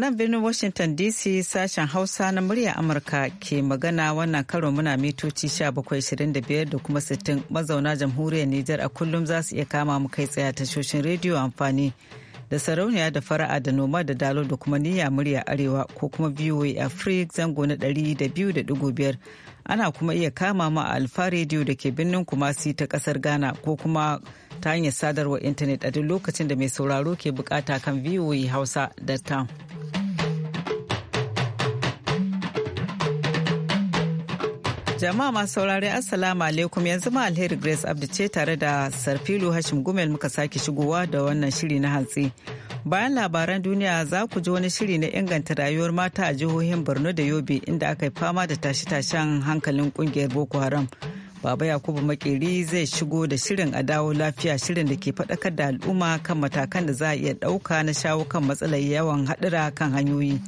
nan birnin Washington DC sashen Hausa na murya Amurka ke magana wannan karo muna mitoci 1725 da kuma 60 mazauna jamhuriyar Nijar a kullum za su iya kama mu kai tsaye tashoshin rediyo amfani da sarauniya da fara'a da noma da dalo da kuma niyya murya arewa ko kuma VOA afrik zango na 200.5 ana kuma iya kama mu a alfa rediyo da ke birnin Kumasi ta kasar Ghana ko kuma ta hanyar sadarwar intanet a duk lokacin da mai sauraro ke bukata kan hausa voahausa.com. Jama'a masu saurare Assalamu alaikum yanzu ma alheri Grace Abdi ce tare da Sarfilu Hashim Gumel muka sake shigowa da wannan shiri na hantsi. Bayan labaran duniya za ku ji wani shiri na inganta rayuwar mata a jihohin Borno da Yobe inda aka yi fama da tashe-tashen hankalin kungiyar Boko Haram. Baba Yakubu Makeri zai shigo da shirin a dawo lafiya shirin da ke faɗakar da al'umma kan matakan da za a iya ɗauka na shawo kan matsalar yawan haɗura kan hanyoyi.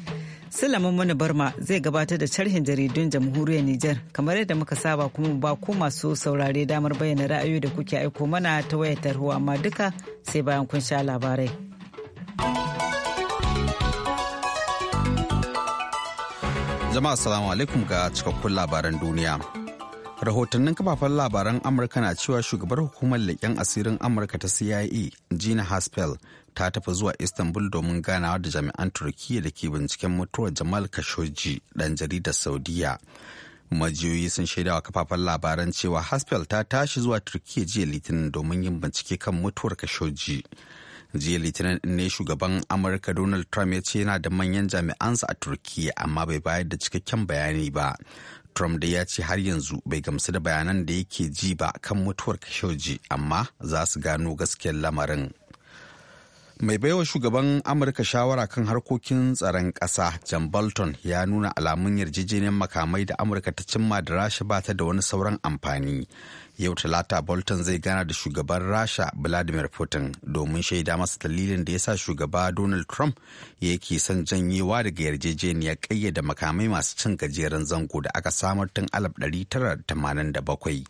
Sulaiman Mani Barma zai gabatar da sharhin jaridun jamhuriyar Nijar kamar yadda muka saba kuma ba ku masu saurare damar bayyana ra'ayoyi da kuke aiko mana ta wayar tarho amma duka sai bayan kun sha labarai. Jama'a salamu alaikum ga cikakkun labaran duniya. Rahotannin kafafen labaran Amurka na cewa shugabar hukumar leƙen asirin Amurka ta CIA, Gina Haspel, ta tafi zuwa istanbul domin ganawa da jami'an turkiyya da ke binciken mutuwar jamal kashoji dan jaridar saudiya majiyoyi sun shaidawa kafafen labaran cewa haspel ta tashi zuwa turkiyya jiya litinin domin yin bincike kan mutuwar kashoji jiya litinin ne shugaban amurka donald trump ya ce yana da manyan jami'ansa a turkiyya amma bai bayar da cikakken bayani ba trump da ya ce har yanzu bai gamsu da bayanan da yake ji ba kan mutuwar kashoji amma za su gano gaskiyar lamarin mai baiwa shugaban amurka shawara kan harkokin tsaron ƙasa john bolton ya nuna alamun yarjejeniyar makamai da amurka ta cimma da rasha ba ta da wani sauran amfani yau talata bolton zai gana da shugaban rasha vladimir putin domin shaida masa dalilin da ya sa shugaba donald trump ya yake son janyewa daga yarjejeniyar ƙayyada makamai masu cin gajeren zango da aka samar tun 1987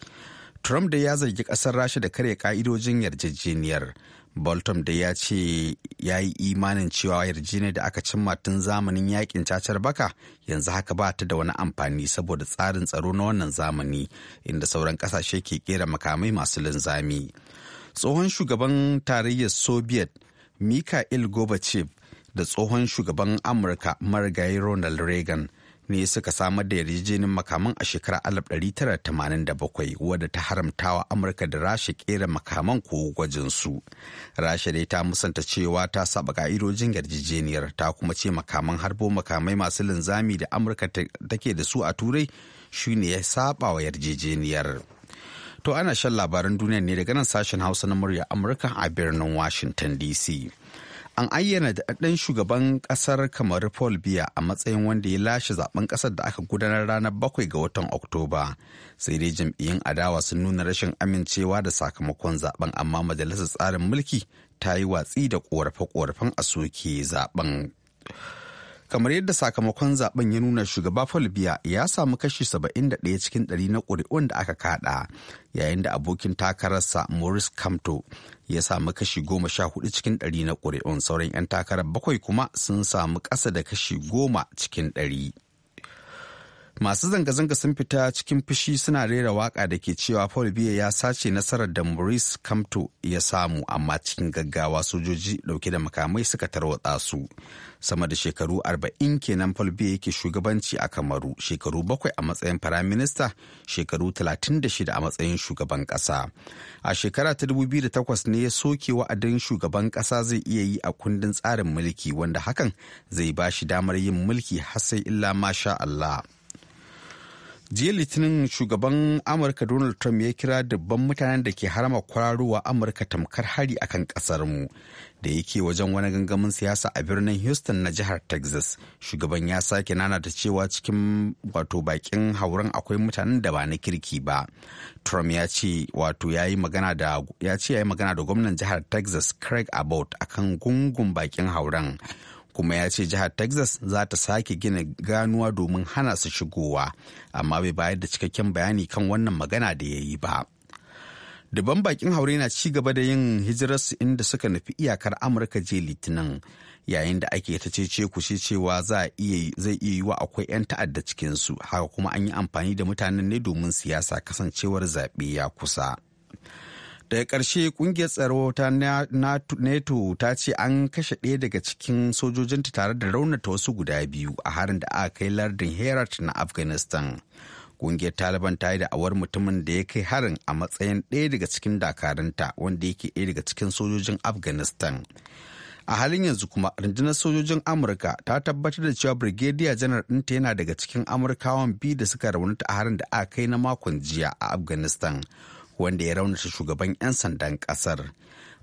trump da ya zargi ƙasar rasha da karya ƙa'idojin yarjejeniyar bolton da ya ce ya yi imanin cewa yarjejeniyar da aka cimma tun zamanin yakin cacar baka yanzu haka ba ta da wani amfani saboda tsarin tsaro na wannan zamani inda sauran kasashe ke kera makamai masu linzami tsohon shugaban tarayyar soviet mikhail gorbachev da tsohon shugaban amurka marigayi ronald reagan ne suka samar da yarjejenin makaman a shekarar 1987 wadda ta haramtawa amurka da rasha kera makaman ko gwajin su rasha dai ta musanta cewa ta saba ka'idojin yarjejeniyar ta kuma ce makaman harbo makamai masu linzami da amurka take da su a turai shine ya saba wa yarjejeniyar to ana shan labaran duniya ne daga nan sashen hausa na murya amurka a birnin washington dc an ayyana daɗaɗɗen shugaban ƙasar kamar paul biya a matsayin wanda ya lashe zaben ƙasar da aka gudanar ranar bakwai ga watan oktoba sai dai jam'iyyun adawa sun nuna rashin amincewa da sakamakon zaben amma majalisar tsarin mulki ta yi watsi da ƙorafe-ƙorafen a soke zaben kamar yadda sakamakon zaben ya nuna shugaba Folbiya ya samu kashi 71 cikin 100 na ƙuri'un da aka kada yayin da abokin takararsa morris Kamto ya samu kashi 14 cikin 100 na ƙuri'un sauran 'yan takarar bakwai kuma sun samu ƙasa da kashi 10 cikin 100. masu zanga-zanga sun fita cikin fushi suna rera waka da ke cewa paul biya ya sace nasarar da maurice kamto ya samu amma cikin gaggawa sojoji dauke da makamai suka tarwatsa su sama da shekaru 40 kenan paul biya yake shugabanci a kamaru shekaru bakwai a matsayin firaminista shekaru 36 a matsayin shugaban kasa a shekara ta 2008 ne ya soke wa'adin shugaban kasa zai iya yi a kundin tsarin mulki wanda hakan zai ba shi damar yin mulki har sai illa masha allah jiya litinin shugaban amurka donald trump ya kira dubban mutanen da ke harama kwararowa amurka tamkar hari akan kasarmu da yake wajen wani gangamin siyasa a birnin houston na jihar texas shugaban ya sake nana da cewa cikin wato bakin hauren akwai mutanen da ba na kirki ba trump ya ce wato ya yi magana da gwamnan jihar texas craig abbott akan gungun bakin hauren kuma ya ce jihar texas za ta sake gina ganuwa domin hana su shigowa amma bai bayar da cikakken bayani kan wannan magana da ya yi ba daban bakin haure na ci gaba da yin hijirarsu inda suka nufi iyakar amurka je litinin yayin da ake ta cece kushe cewa zai iya zai iya yiwa akwai 'yan ta'adda cikinsu haka kuma an yi amfani da mutanen ne domin siyasa kasancewar zaɓe ya kusa daga karshe kungiyar tsaro ta nato ta ce an kashe ɗaya daga cikin sojojinta tare da raunata wasu guda biyu a harin da aka kai lardin herat na afghanistan kungiyar taliban ta yi da awar mutumin da ya kai harin a matsayin ɗaya daga cikin dakarunta wanda yake ɗaya daga cikin sojojin afghanistan a halin yanzu kuma rundunar sojojin amurka ta tabbatar da cewa brigadier janar ɗinta yana daga cikin amurkawan biyu da suka raunata a harin da aka kai na makon jiya a afghanistan wanda ya raunata shugaban 'yan sandan kasar.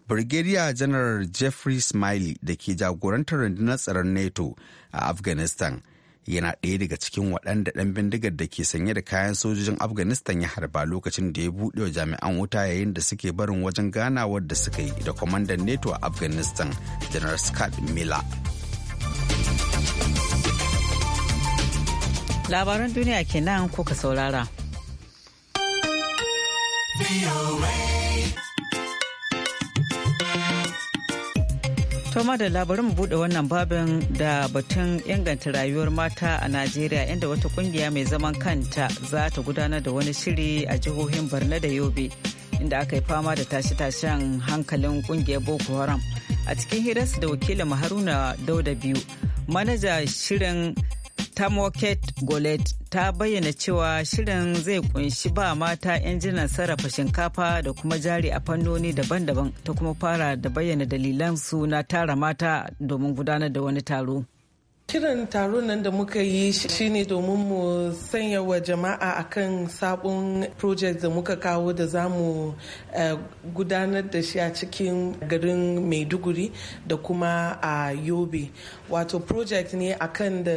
Brigadier General Jeffrey Smiley da ke jagorantar rundunar tsaron NATO a Afghanistan yana ɗaya daga cikin waɗanda ɗan bindigar da ke sanye da kayan sojojin Afghanistan ya harba lokacin da ya buɗe wa jami'an wuta yayin da suke barin wajen ganawar da suka yi da kwamandan NATO a Afghanistan, General Scott Miller. Labaran duniya kenan kuka saurara. Toma da labarin mu bude wannan babin da batun inganta rayuwar mata a Najeriya inda wata kungiya mai zaman kanta za ta gudanar da wani shiri a jihohin Barna da Yobe inda aka yi fama da tashe-tashen hankalin kungiyar Boko Haram. A cikin hirarsu da wakilin Haruna Dauda biyu, manaja shirin tamoket golet ta bayyana cewa shirin zai kunshi ba mata yan injinan sarrafa shinkafa da kuma jari a fannoni daban-daban ta kuma fara da bayyana dalilan su na tara mata domin gudanar da wani taro. Kiran taron nan da muka yi shine domin mu sanya wa jama'a akan sabon project da muka kawo da za mu eh, gudanar da shi a cikin garin Maiduguri da kuma a Yobe. Wato project ne akan da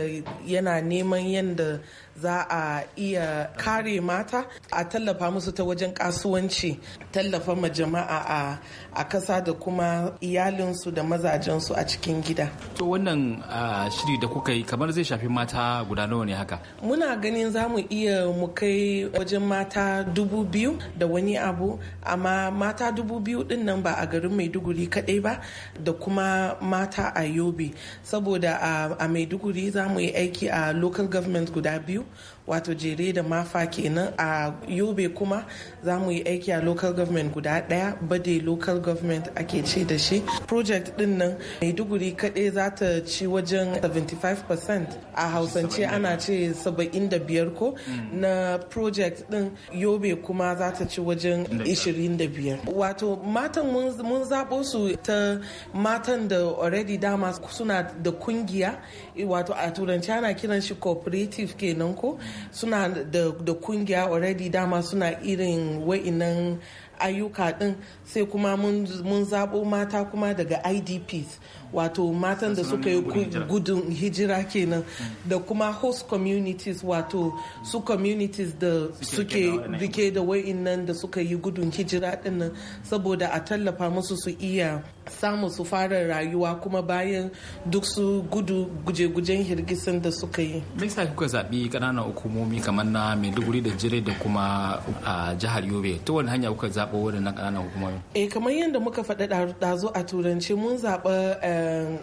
yana neman yadda za a iya kare mata a tallafa musu ta wajen kasuwanci tallafa ma jama'a a a kasa da kuma iyalinsu da mazajensu a cikin gida to wannan shiri da kuka yi kamar zai shafi mata guda nawa ne haka muna ganin za mu iya mu kai wajen mata dubu biyu da wani abu amma mata dubu biyu din nan ba a garin maiduguri kaɗai ba da kuma mata a yobe saboda a maiduguri za mu yi aiki a local government guda biyu you wato jere da mafa kenan a yobe kuma za mu yi aiki a local government guda daya bade local government ake ce da shi project din nan maiduguri kaɗai za ta ci wajen 75% a hausance ana ce 75 ko mm. na project din yobe kuma za ta ci wajen 25 wato matan mun zaɓo su ta matan da already dama suna da kungiya wato a turanci ana kiran shi cooperative kenan ko suna da kungiya already dama suna irin wa'inan ayyuka din sai kuma mun zaɓo mata kuma daga idps wato matan da suka yi gudun hijira kenan mm. da kuma host communities wato su communities da suke rike da wa'innan da suka yi gudun hijira dinnan saboda a tallafa musu su iya samu su fara rayuwa kuma bayan duk su gudu guje-gujen hirgisin da suka yi. Me yasa kuka zaɓi ƙananan hukumomi kamar na Maiduguri da Jire da kuma a jihar Yobe? Ta wani hanya kuka zaɓo waɗannan ƙananan hukumomi? Eh kamar yadda muka faɗi ɗazu a turanci mun zaɓa eh,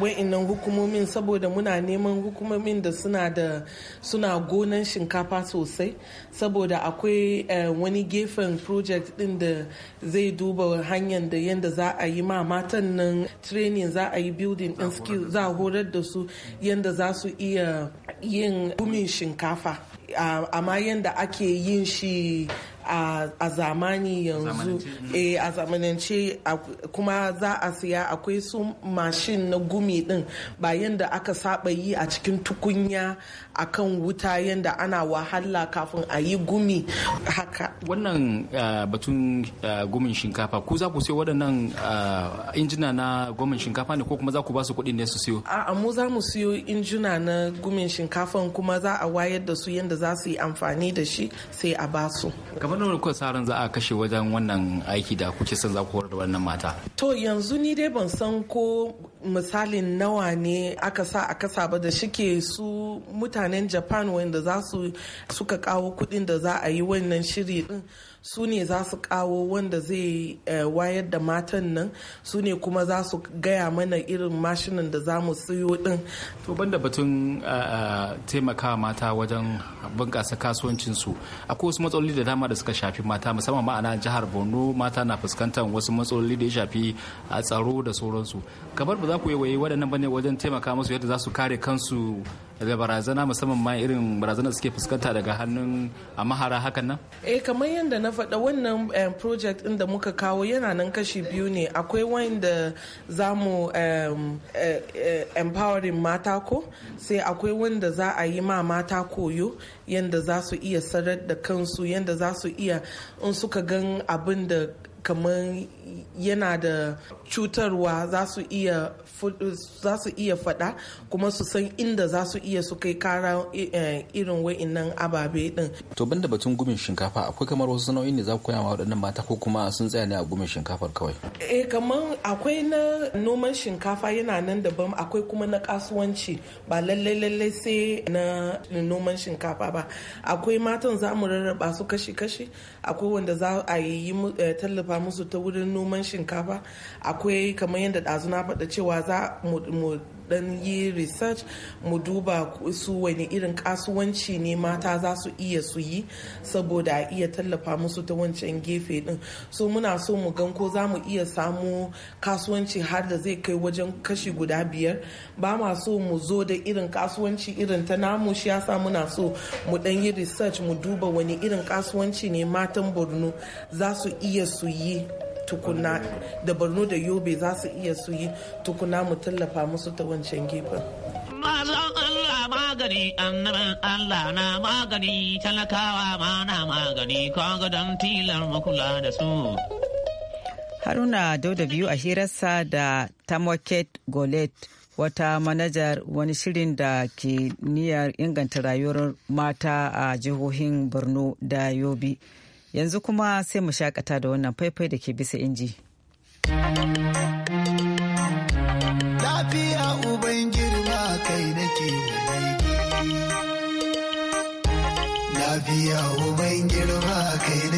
wa'innan hukumomin saboda muna neman hukumomin da suna da suna gonan shinkafa sosai saboda akwai eh, wani gefen project ɗin da zai duba hanyar da yadda za a yi ma ma matan nan training za a yi building din skill za a horar da su yadda za su iya yin gumin shinkafa amma yadda ake yin shi a zamani yanzu mm. eh, a zamanance kuma za a siya akwai su mashin na gumi din ba yadda aka saba yi a cikin tukunya a kan wuta yadda ana wahala kafin a yi gumi haka wannan eh, batun eh, gumin shinkafa ku za ku siyo waɗannan injina na gumin shinkafa ne ko kuma za ku ba su kuɗin ne su siyo a mu za mu siyo injina na gumin shinkafa kuma za a wayar da su yadda za su yi amfani da shi sai a ba su kamar da kuka sa za a kashe wajen wannan aiki da kuke son za ku horar da wannan mata to yanzu ni dai ban san ko misalin nawa ne aka sa a kasa ba da shike su mutanen japan wanda za su suka kawo kuɗin da za a yi wannan shiri din su ne za su kawo wanda zai eh, wayar da matan nan su ne kuma za su gaya mana irin mashinan da za mu siyo din to banda batun eh, eh, taimaka mata wajen bunƙasa kasuwancinsu akwai wasu matsaloli da dama da suka shafi mata musamman ma'ana jihar borno mata na fuskantar wasu matsaloli da ya shafi a tsaro da sauransu kamar ba za ku yi waye waɗannan bane wajen taimaka musu yadda za su kare kansu da barazana musamman ma irin barazana suke fuskanta daga hannun a mahara hakan nan? Eh kamar yadda na faɗa wannan eh, project ɗin muka kawo yana nan kashi biyu ne akwai wanda za mu eh, eh, empowering mata ko sai akwai wanda za a yi ma mata koyo yadda za su iya sarar da kansu yadda za su iya in suka gan abin da kamar yana da cutarwa za su iya fada faɗa kuma su san inda za su iya su kai kara eh, irin wa'innan ababe din. To banda batun gumin shinkafa akwai kamar wasu sana'o'in ne za ku koya waɗannan mata ko kuma sun tsaya ne a gumin shinkafar kawai? Eh kamar akwai na noman shinkafa yana nan daban akwai kuma na kasuwanci ba lallai lallai sai na noman shinkafa ba. Akwai matan za mu rarraba su kashi-kashi akwai wanda za a yi eh, tallafa tallafa musu ta wurin noman shinkafa akwai kamar yadda ɗazu na faɗa cewa za mu dan yi research mu duba su wani irin kasuwanci ne mata za su iya su yi saboda a iya tallafa musu ta wancan gefe din so muna so mu gan ko za mu iya samu kasuwanci har da zai kai wajen kashi guda biyar ba ma so mu zo da irin kasuwanci irin ta namu shi yasa muna so mu dan yi research mu duba wani irin kasuwanci ne matan borno za su iya su yi tukuna da borno da yobe za su iya su yi tukuna mu tallafa musu ta wancan gefen magani annaban Allah na magani talakawa ma na magani kaga don tilar makula da su haruna dauda biyu a hirarsa da tamoket golet wata manajar wani shirin da ke niyyar inganta rayuwar mata a jihohin borno da yobe yanzu kuma sai mu shakata da wannan faifai da ke bisa inji. Lafiya uban girma kai nake Lafiya uban girma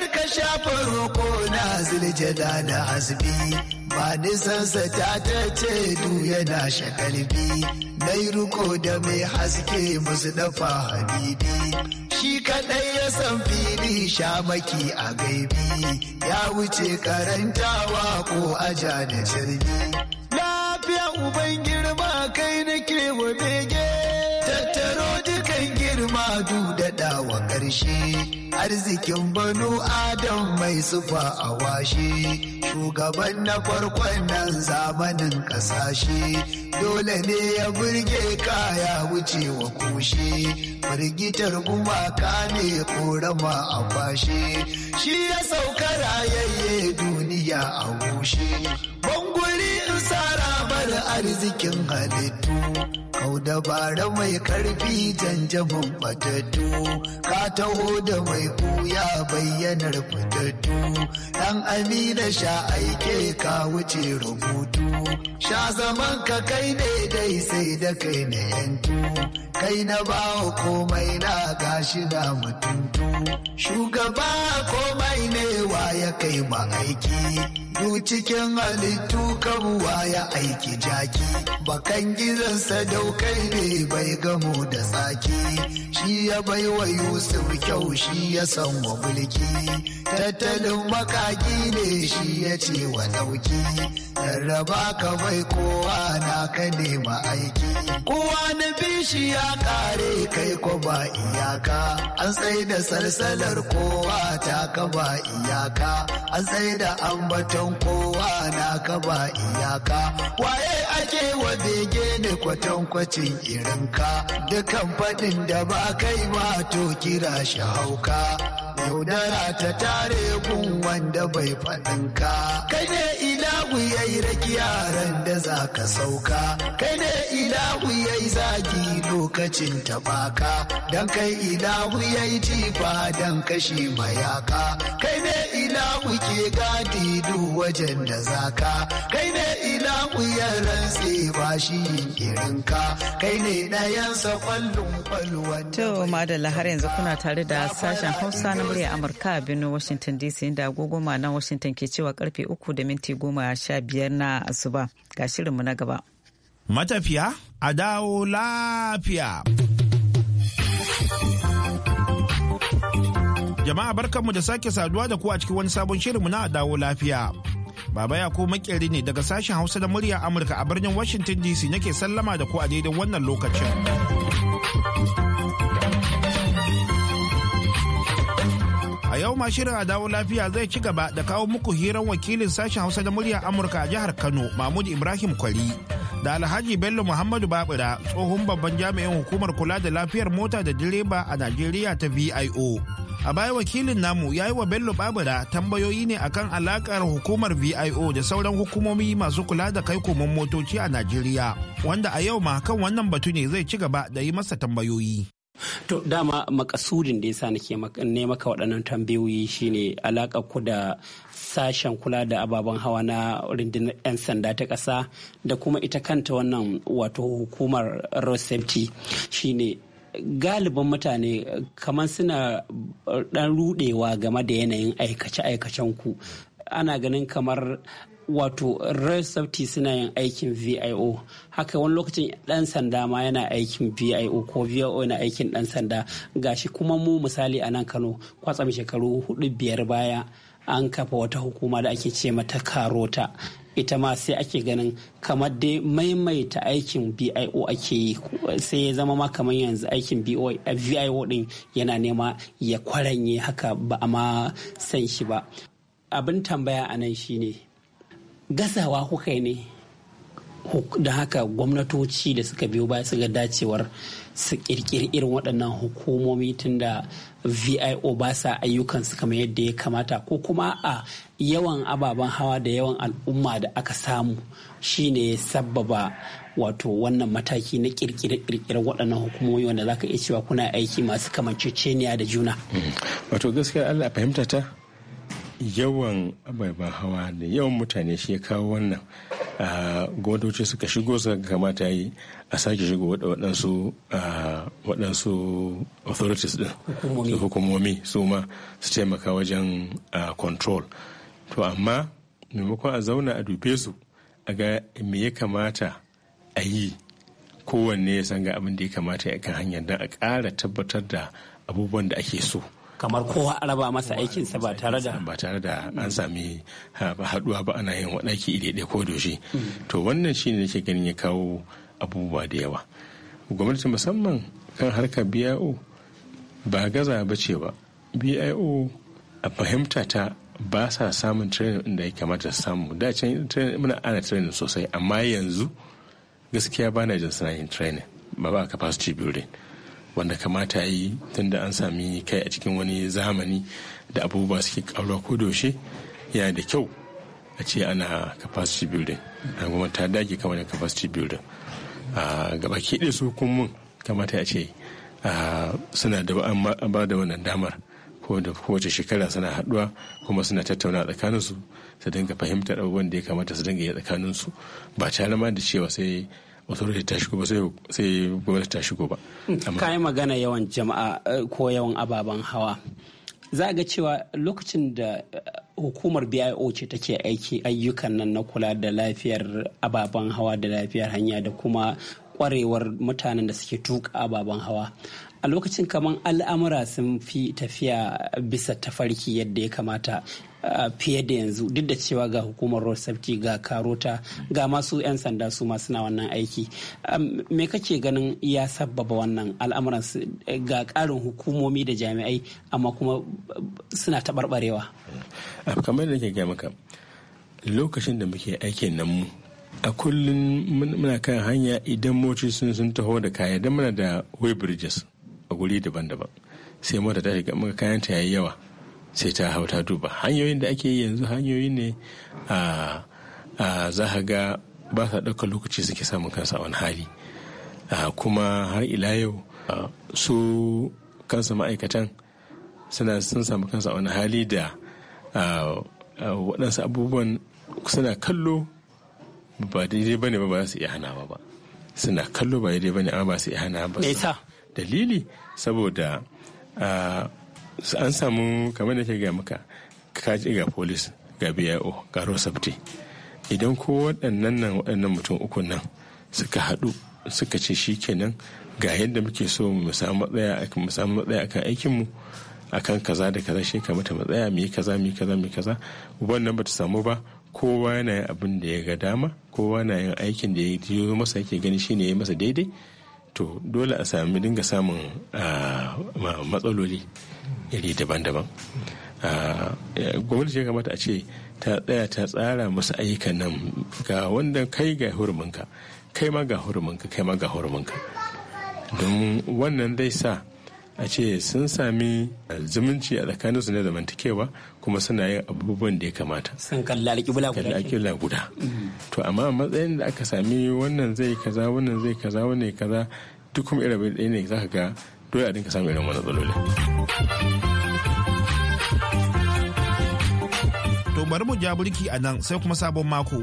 shafa roko na ziljada da hasbi ba nisansa ta ta ce du yana shakalbi na yi ruko da mai haske musu dafa habibi shi kaɗai ya san fili shamaki a gaibi ya wuce karantawa ko aja da jirgi lafiya uban girma kai nake wa bege shi arzikin banu adam mai sufa a washe shugaban na farkon nan zamanin kasashe dole ne ya burge kaya wucewa kushe firgitar gumaka ne korama a kwashe shi ya sauka rayayye duniya a gushe banguri in sara bar arzikin halittu Kau dabara mai karfi janjabin fatattu, ka taho da mai kuya bayyanar fatattu, ɗan amina sha aike ka wuce rubutu, sha zaman ka kai ne dai sai da kai na yantu, kai na bawa komai na gashi da mutuntu, shugaba komai ne waya kai ma aiki. Du cikin halittu kan ya aiki jaki, bakan gizansa dau kai ne bai gamo da tsaki shi ya bai wa yusuf kyau shi ya san wa mulki tattalin makaki ne shi ya ce wa dauki raba ka bai kowa na ka nema aiki kowa na bishi ya kare kai ko ba iyaka an sai da salsalar kowa ta ka ba iyaka an sai da ambaton kowa na ka ba iyaka waye ake wa bege ne kwatankwacin irinka dukan faɗin da ba kai ma to kira shi hauka yaudara ta tare gun wanda bai faɗinka kai ne ilahu ya yi rakiya da za ka sauka kai ne ilahu ya yi zagi lokacin tabaka don kai ilahu ya yi tifa don kashi mayaka kai ne ilahu ke gadi duk wajen da zaka kai ne ku ya rantse ba shi kirinka kai ne ɗayansa kwallon kwalwan. To madalla har yanzu kuna tare da sashen Hausa na murya Amurka a birnin Washington DC inda agogoma na Washington ke cewa karfe uku da minti goma sha biyar na asuba ga shirinmu na gaba. Matafiya a dawo lafiya. Jama'a barkanmu da sake saduwa da ku a cikin wani sabon shirinmu na dawo lafiya. Baba Yakubu makeri ne daga sashen Hausa da murya Amurka a birnin Washington DC nake sallama da ku a daidai wannan lokacin. A yau ma shirin a dawo lafiya zai ci gaba da kawo muku hirar wakilin sashen Hausa da murya Amurka a jihar Kano Mahmud Ibrahim Kwari, da alhaji bello muhammadu babura tsohon babban jami'in hukumar kula da lafiyar mota da direba a najeriya ta vio a baya wakilin namu ya yi wa bello babura tambayoyi ne akan alakar hukumar vio da sauran hukumomi masu kula da kai komon motoci a najeriya wanda a yau ma kan wannan batu ne zai ci gaba da yi masa tambayoyi To dama makasudin da yasa nake ne maka waɗannan tambayoyi shine alaƙa ku da sashen kula da ababen hawa na rundunar 'yan sanda ta ƙasa da kuma ita kanta wannan wato hukumar road safety shine galibin mutane kamar suna dan eh, rudewa game da yanayin aikace-aikacen ku ana ganin kamar wato red safety suna yin aikin vio haka wani lokacin dan sanda ma yana aikin vio ko vio yana aikin dan sanda gashi kuma mu misali a nan kano kwatsam shekaru hudu biyar baya an kafa wata hukuma da ake ce mata karota ita ma sai ake ganin kamar dai maimaita aikin bio ake yi sai ya zama ma kamar yanzu aikin bio din yana nema ya kwaranye haka ba a ma san shi ba abin tambaya a nan shine gasawa kuka ne da haka gwamnatoci da suka biyo baya su ga dacewar su kirkiri irin waɗannan hukumomi tun da vio ba sa ayyukansu kamar yadda ya kamata ko kuma a yawan ababen hawa da yawan al'umma da aka samu shine ya sababa wato wannan mataki na kirkire-kirkiren waɗannan hukumomi wanda za ka iya cewa kuna aiki masu kamanceceniya da juna mm-hmm. wato gaskiya allah fahimta ta yawan ababen hawa da yawan mutane shi ya kawo wannan gwamnatoci suka shigo suka kamata yi a sake shigo waɗansu waɗansu authorities da hukumomi su ma su taimaka wajen control to amma maimakon a zauna a dube su a ga me ya kamata a yi kowanne ya san ga abin da ya kamata ya kan hanyar don a ƙara tabbatar da abubuwan da ake so. kamar kowa a raba masa aikinsa ba tare da ba tare da an sami haduwa ba ana yin waɗaki ide ko doshi mm. to wannan shine nake ganin ya kawo abubuwa da yawa gwamnati musamman kan harkar bio ba gaza ba ce ba bio a fahimta ta ba sa samun training da ya kamata su samu da can muna ana training sosai amma yanzu gaskiya ba na jin suna yin training ba ba capacity building wanda kamata ya yi tunda an sami kai a cikin wani zamani da abubuwa suke ƙaruwa ko doshe yana da kyau a ce ana capacity building na kuma ta dage kamar da capacity building a gaba ke su hukumun kamata ya ce suna da ba da wannan damar ko da kowace shekara suna haɗuwa kuma suna tattauna tsakaninsu su dinga fahimtar abubuwan da ya kamata su dinga yi tsakaninsu ba tare ma da cewa sai authority ta shigo ba sai gwamnati ta shigo ba. kayan magana yawan jama'a eh, ko yawan ababen hawa za ga cewa lokacin da eh, hukumar bio ce take aiki ayyukan nan na kula da lafiyar ababen hawa da lafiyar hanya da kuma kwarewar mutanen da suke tuka ababen hawa a lokacin kamar al'amura sun fi tafiya bisa tafarki yadda ya kamata Ah, fiye da yanzu duk da cewa ga hukumar road ga karota ga masu 'yan sanda su ma suna wannan aiki me kake ganin ya sabbaba wannan al'amuran eh, ga karin hukumomi da jami'ai amma kuma eh, suna taɓarɓarewa ah, kamar da ke gaya maka lokacin da muke aikin nan mu a kullum muna kan hanya idan moci sun sun taho da kaya idan muna da way bridges a guri daban-daban sai mota ta shiga muka kayan ta yayi yawa sai ta hau ta duba hanyoyin da ake yi yanzu hanyoyi ne a za a ga ba sa ɗaukar lokaci suke samun kansa a wani hali kuma har ila yau su kansa ma'aikatan suna sun samu kansa a wani hali da waɗansu abubuwan suna kallo ba daidai bane ba ba su iya hanawa ba suna kallo ba daidai bane amma ba su iya hanawa ba dalili saboda an samu kamar da ke ga maka kaji ga polis ga bio ga rosafti idan ko waɗannan nan waɗannan mutum uku nan suka haɗu suka ce shi kenan ga yadda muke so mu samu matsaya akan aikinmu akan kaza da kaza shi mata matsaya mu yi kaza mu yi kaza mu yi kaza wannan bata samu ba kowa yana yin abin da ya ga dama kowa na yin aikin da ya yi masa yake gani shine ya masa daidai to dole a sami dinga samun ah, matsaloli iri daban-daban ah, eh, gwamnati ya kamata a ce ta tsaya ta tsara masu ayyukan nan ga wanda kai ga huruminka kai ma ga huruminka kai ma ga huruminka don wannan zai sa a ce sun sami eh, zumunci a tsakanin su da mantakewa kuma suna yin abubuwan da ya kamata sun kalla alƙibla guda alƙibla guda mm-hmm. to amma matsayin da aka sami wannan zai kaza wannan zai kaza wannan kaza duk kuma irin ɗaya ne zaka ga dole a dinka samun irin wannan tsaloli. to bari mu ja burki a nan sai kuma sabon mako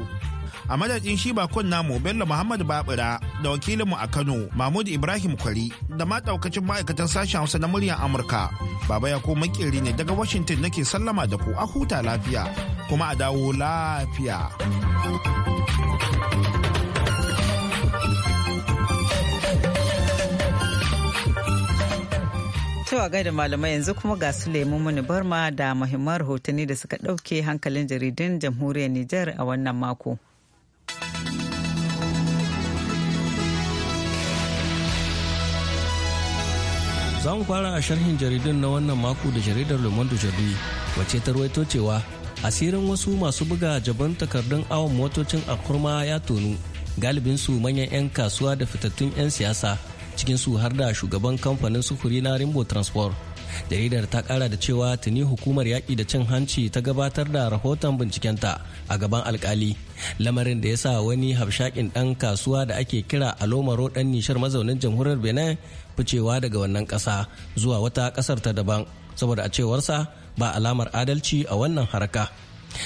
a madadin shi kun namu bello muhammad babura da wakilinmu a kano mahmud ibrahim kwari da ma daukacin ma'aikatan sashen hausa na muryar amurka baba ya ko makeri ne daga washington nake sallama da ku a huta lafiya kuma a dawo lafiya cewa da malamai yanzu kuma ga su lemu muni barma da muhimman rahotanni da suka ɗauke hankalin jaridun jamhuriyar Nijar a wannan mako. Za mu fara a sharhin jaridun na wannan mako da jaridar Le Monde wacce ta ruwaito cewa asirin wasu masu buga jaban takardun awon motocin a kurma ya tonu galibin su manyan 'yan kasuwa da fitattun 'yan siyasa cikin su har da shugaban kamfanin sufuri na Rainbow Transport jaridar ta kara da cewa tuni hukumar yaƙi da cin hanci ta gabatar da rahoton bincikenta a gaban alkali lamarin da ya sa wani hafshakin ɗan kasuwa da ake kira alomaro ɗan nishar mazaunin jamhuriyar benin ficewa daga wannan ƙasa zuwa wata ƙasar ta daban saboda a cewarsa ba alamar adalci a wannan haraka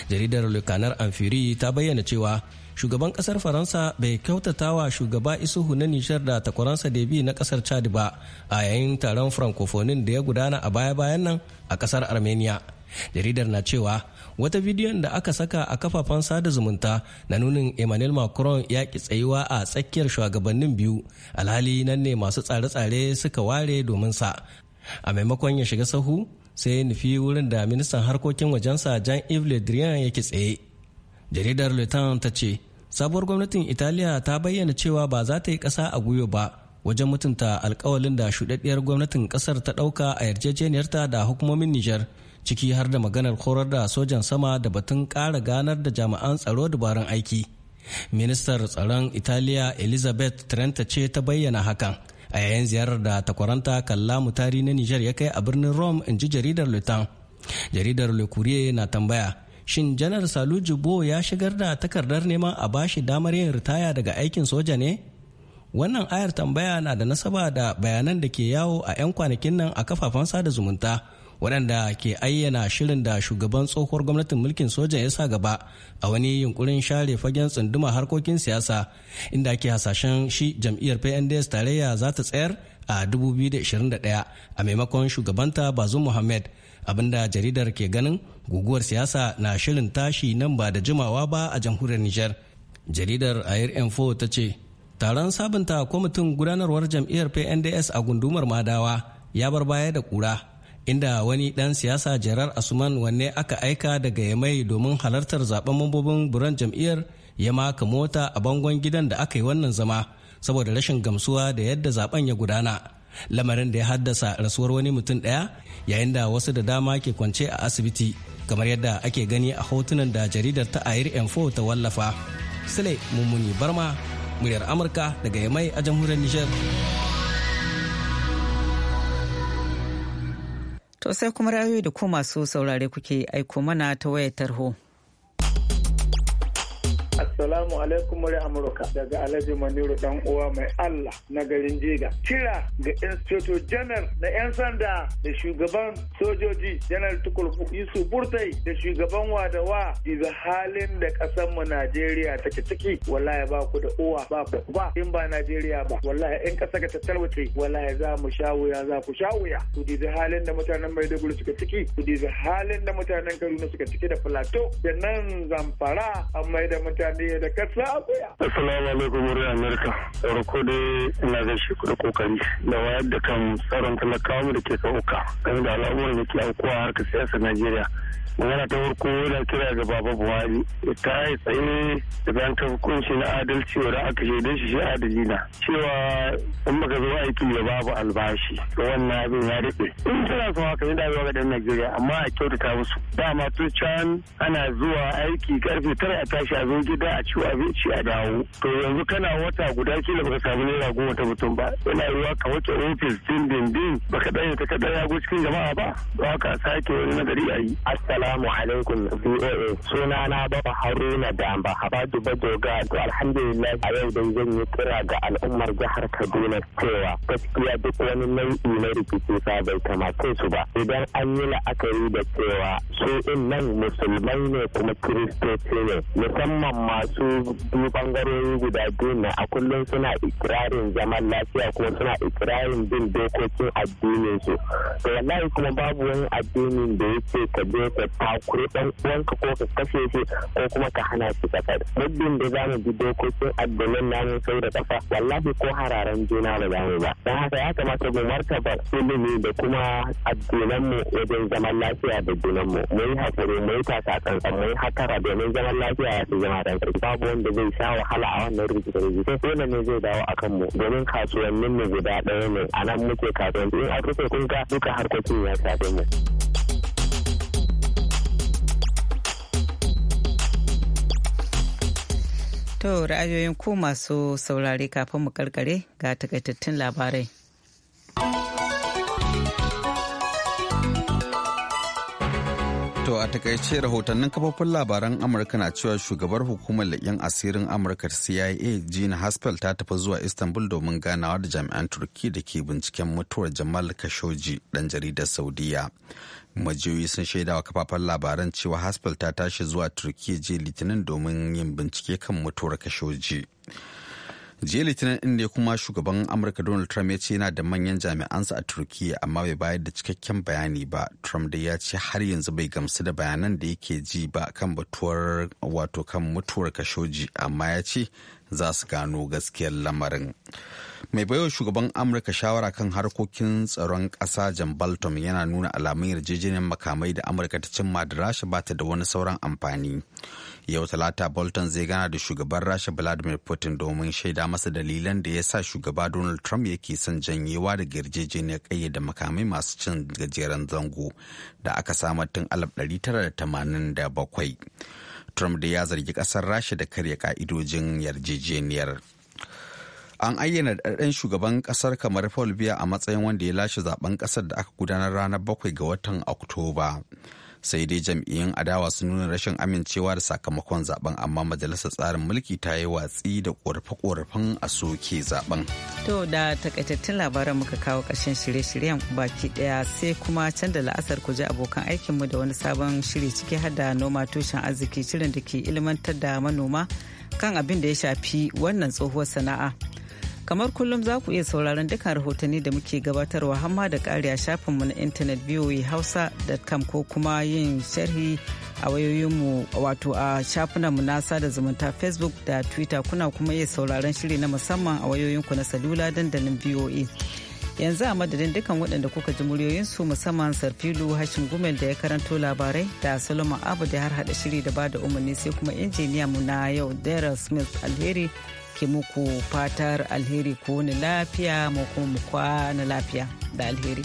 jaridar lukanar amfiri ta bayyana cewa shugaban kasar faransa bai kyautata wa shugaba isuhu na nishar da takwaransa debi na kasar chad ba a yayin taron francofonin da ya gudana a baya-bayan nan a kasar armenia jaridar na cewa wata bidiyon da aka saka a kafafen sada zumunta na nunin emmanuel macron ya ki tsayuwa a tsakiyar shugabannin biyu alhali nan ne masu tsare-tsare suka ware domin sa a maimakon ya shiga sahu sai nufi wurin da ministan harkokin wajensa jean yves le drian yake tsaye jaridar letan ta ce sabuwar gwamnatin italiya ta bayyana cewa ba za ta yi ƙasa a gwiwa ba wajen mutunta alkawalin da shuɗaɗɗiyar gwamnatin ƙasar ta ɗauka a yarjejeniyarta da hukumomin nijar ciki har da maganar horar da sojan sama da batun ƙara ganar da jami'an tsaro dubaran aiki ministar tsaron italiya elizabeth trenta ce ta bayyana hakan a yayin ziyarar da takwaranta kalla mutari na nijar ya kai a birnin rome in ji jaridar lutan jaridar le na tambaya shin janar salu Bo ya shigar da takardar neman a bashi damar yin ritaya daga aikin soja ne wannan ayar tambaya na da nasaba da bayanan da ke yawo a 'yan kwanakin nan a kafafen sada zumunta waɗanda ke ayyana shirin da shugaban tsohuwar gwamnatin mulkin soja ya sa gaba a wani yunkurin share fagen tsunduma harkokin siyasa inda ke hasashen shi jam'iyyar pnds tarayya za ta tsayar a 2021 a maimakon shugabanta Bazu muhammad abinda jaridar ke ganin guguwar siyasa na shirin tashi nan ba da jimawa ba a jamhuriyar Nijar. Jaridar Air Info ta ce, taron sabunta kwamitin gudanarwar jam'iyyar PNDS a gundumar Madawa ya bar baya da kura inda wani ɗan siyasa Jerar Asuman wanne aka aika daga Yamai domin halartar zaben mambobin buran jam'iyyar ya maka mota a bangon gidan da aka yi wannan zama saboda rashin gamsuwa da yadda zaben ya gudana. lamarin da ya haddasa rasuwar wani mutum ɗaya yayin da wasu da dama ke kwance a asibiti kamar yadda ake gani a hotunan da jaridar ta air info ta wallafa sule mummuni barma muryar amurka daga yamai a jamhuriyar nijar to sai kuma rayu da ku masu saurare kuke aiko mana ta wayar tarho Assalamu alaikum murai Amurka daga Alhaji Maniru dan uwa mai Allah na garin Jega. Kira ga Institute General na 'yan sanda da shugaban sojoji General Tukur Yusuf Burtai da shugaban Wadawa da halin da ƙasar mu Najeriya take ciki wallahi ba ku da uwa ba ku ba in ba Najeriya ba wallahi in ƙasa ka tattalwace wallahi za mu sha wuya za ku sha wuya ku da halin da mutanen Maiduguri suka ciki ku da halin da mutanen Kaduna suka ciki da Plateau da nan Zamfara an mai da mutanen mutane da kasa akuya. Assalamu alaikum murin Amerika. Farko dai ina zai ku da kokari da wayar da kan tsaron talakawa da ke sauka game da al'amuran da ke aukuwa harkar siyasar Najeriya. magana ta farko yana kira ga baba buhari ta yi tsaye da bayan hukunci na adalci wanda aka shaida shi shi adali na cewa in baka zo aiki ya babu albashi wannan abin ya daɗe in tana son haka yi yawa ga ɗan najeriya amma a kyautata musu dama tun can ana zuwa aiki karfe tara a tashi a zo gida a ciwo abinci a dawo to yanzu kana wata guda kila baka samu naira goma ta mutum ba yana yiwuwa ka wuce ofis din din din baka ɗaya ta kaɗa ya cikin jama'a ba ba ka sake wani nagari a yi Assalamu alaikum VOA suna na baba Haruna Damba Habadu Bajoga to alhamdulillah a yau dai zan yi kira ga al'ummar jihar Kaduna cewa gaskiya duk wani nau'i na rikici sa bai kamace su ba idan an yi la'akari da cewa su din nan musulmai ne kuma kiristoci ne musamman masu biyu bangarori guda biyu ne a kullum suna ikirarin zaman lafiya kuma suna ikirarin bin dokokin addinin su to wallahi kuma babu wani addinin da yake ka je ka takuri dan uwanka ko ka kashe shi ko kuma ka hana shi kasar muddin da zamu bi dokokin addinin namu sai da kafa wallahi ko hararen juna ba za mu ba dan haka ya kamata mu martaba ilimi da kuma addinan mu wajen zaman lafiya da junan mu mu yi hakuri mu yi takatsantsan mu yi hakara domin zaman lafiya ya fi zama dan babu wanda zai sha wahala a wannan rikice sai dole ne zai dawo kan mu domin kasuwannin mu guda ɗaya ne a nan muke kasuwanci in an rufe kun ga duka harkokin ya shafe mu. To ra'ayoyin ku masu saurare kafin mu karkare ga takaitattun labarai. To a takaice rahotannin kafofin labaran Amurka na cewa shugabar hukumar leƙen asirin Amurka CIA Jean Haspel ta tafi zuwa Istanbul domin ganawa da jami'an Turki da ke binciken mutuwar Jamal Khashoggi ɗan jaridar saudiyya. majiyoyi sun shaidawa kafafen labaran cewa haspel ta tashi zuwa turkiya je litinin domin yin bincike kan mutuwar kashoji jiya litinin din ne kuma shugaban amurka donald trump ya ce yana da manyan jami'ansa a turkiya amma bai bayar da cikakken bayani ba trump da ya ce har yanzu bai gamsu da bayanan da yake ji ba kan batuwar wato kan mutuwar kashoji amma ya ce za su gano gaskiyar lamarin mai baiwa shugaban amurka shawara kan harkokin tsaron ƙasa jan baltom yana nuna alamun yarjejeniyar makamai da amurka ta cimma da rasha ba ta da wani sauran amfani yau talata bolton zai gana da shugaban rasha vladimir putin domin shaida masa dalilan da ya sa shugaba donald trump yake son janyewa daga yarjejeniyar ƙayyade makamai masu cin gajeren zango da aka samar tun 1987 trump da ya zargi ƙasar rasha da karya ka'idojin yarjejeniyar an ayyana ɗan shugaban ƙasar kamar paul biya a matsayin wanda ya lashe zaben ƙasar da aka gudanar ranar bakwai ga watan oktoba sai dai jam'iyyun adawa sun nuna rashin amincewa da sakamakon zaben amma majalisar tsarin mulki ta yi watsi da ƙorafe-ƙorafen a soke zaben to da takaitattun labaran muka kawo ƙarshen shirye-shiryen baki ɗaya sai kuma can da la'asar ku ji abokan aikinmu da wani sabon shiri ciki har da noma tushen arziki shirin da ke ilmantar da manoma kan abin da ya shafi wannan tsohuwar sana'a kamar kullum za ku iya sauraron duka rahotanni da muke gabatarwa hamma da kari a shafinmu na intanet hausa.com ko kuma yin sharhi a wayoyinmu wato a shafinanmu na sada zumunta facebook da twitter kuna kuma iya sauraron shiri na musamman a wayoyinku na salula dandalin voa yanzu a madadin dukkan waɗanda kuka ji su musamman sarfilu hashin gumel da ya karanto labarai da solomon abu da har hada shiri da ba da umarni sai kuma injiniya mu na yau dara smith alheri ke muku fatar alheri ko na lafiya mu kuma mu kwana lafiya da alheri.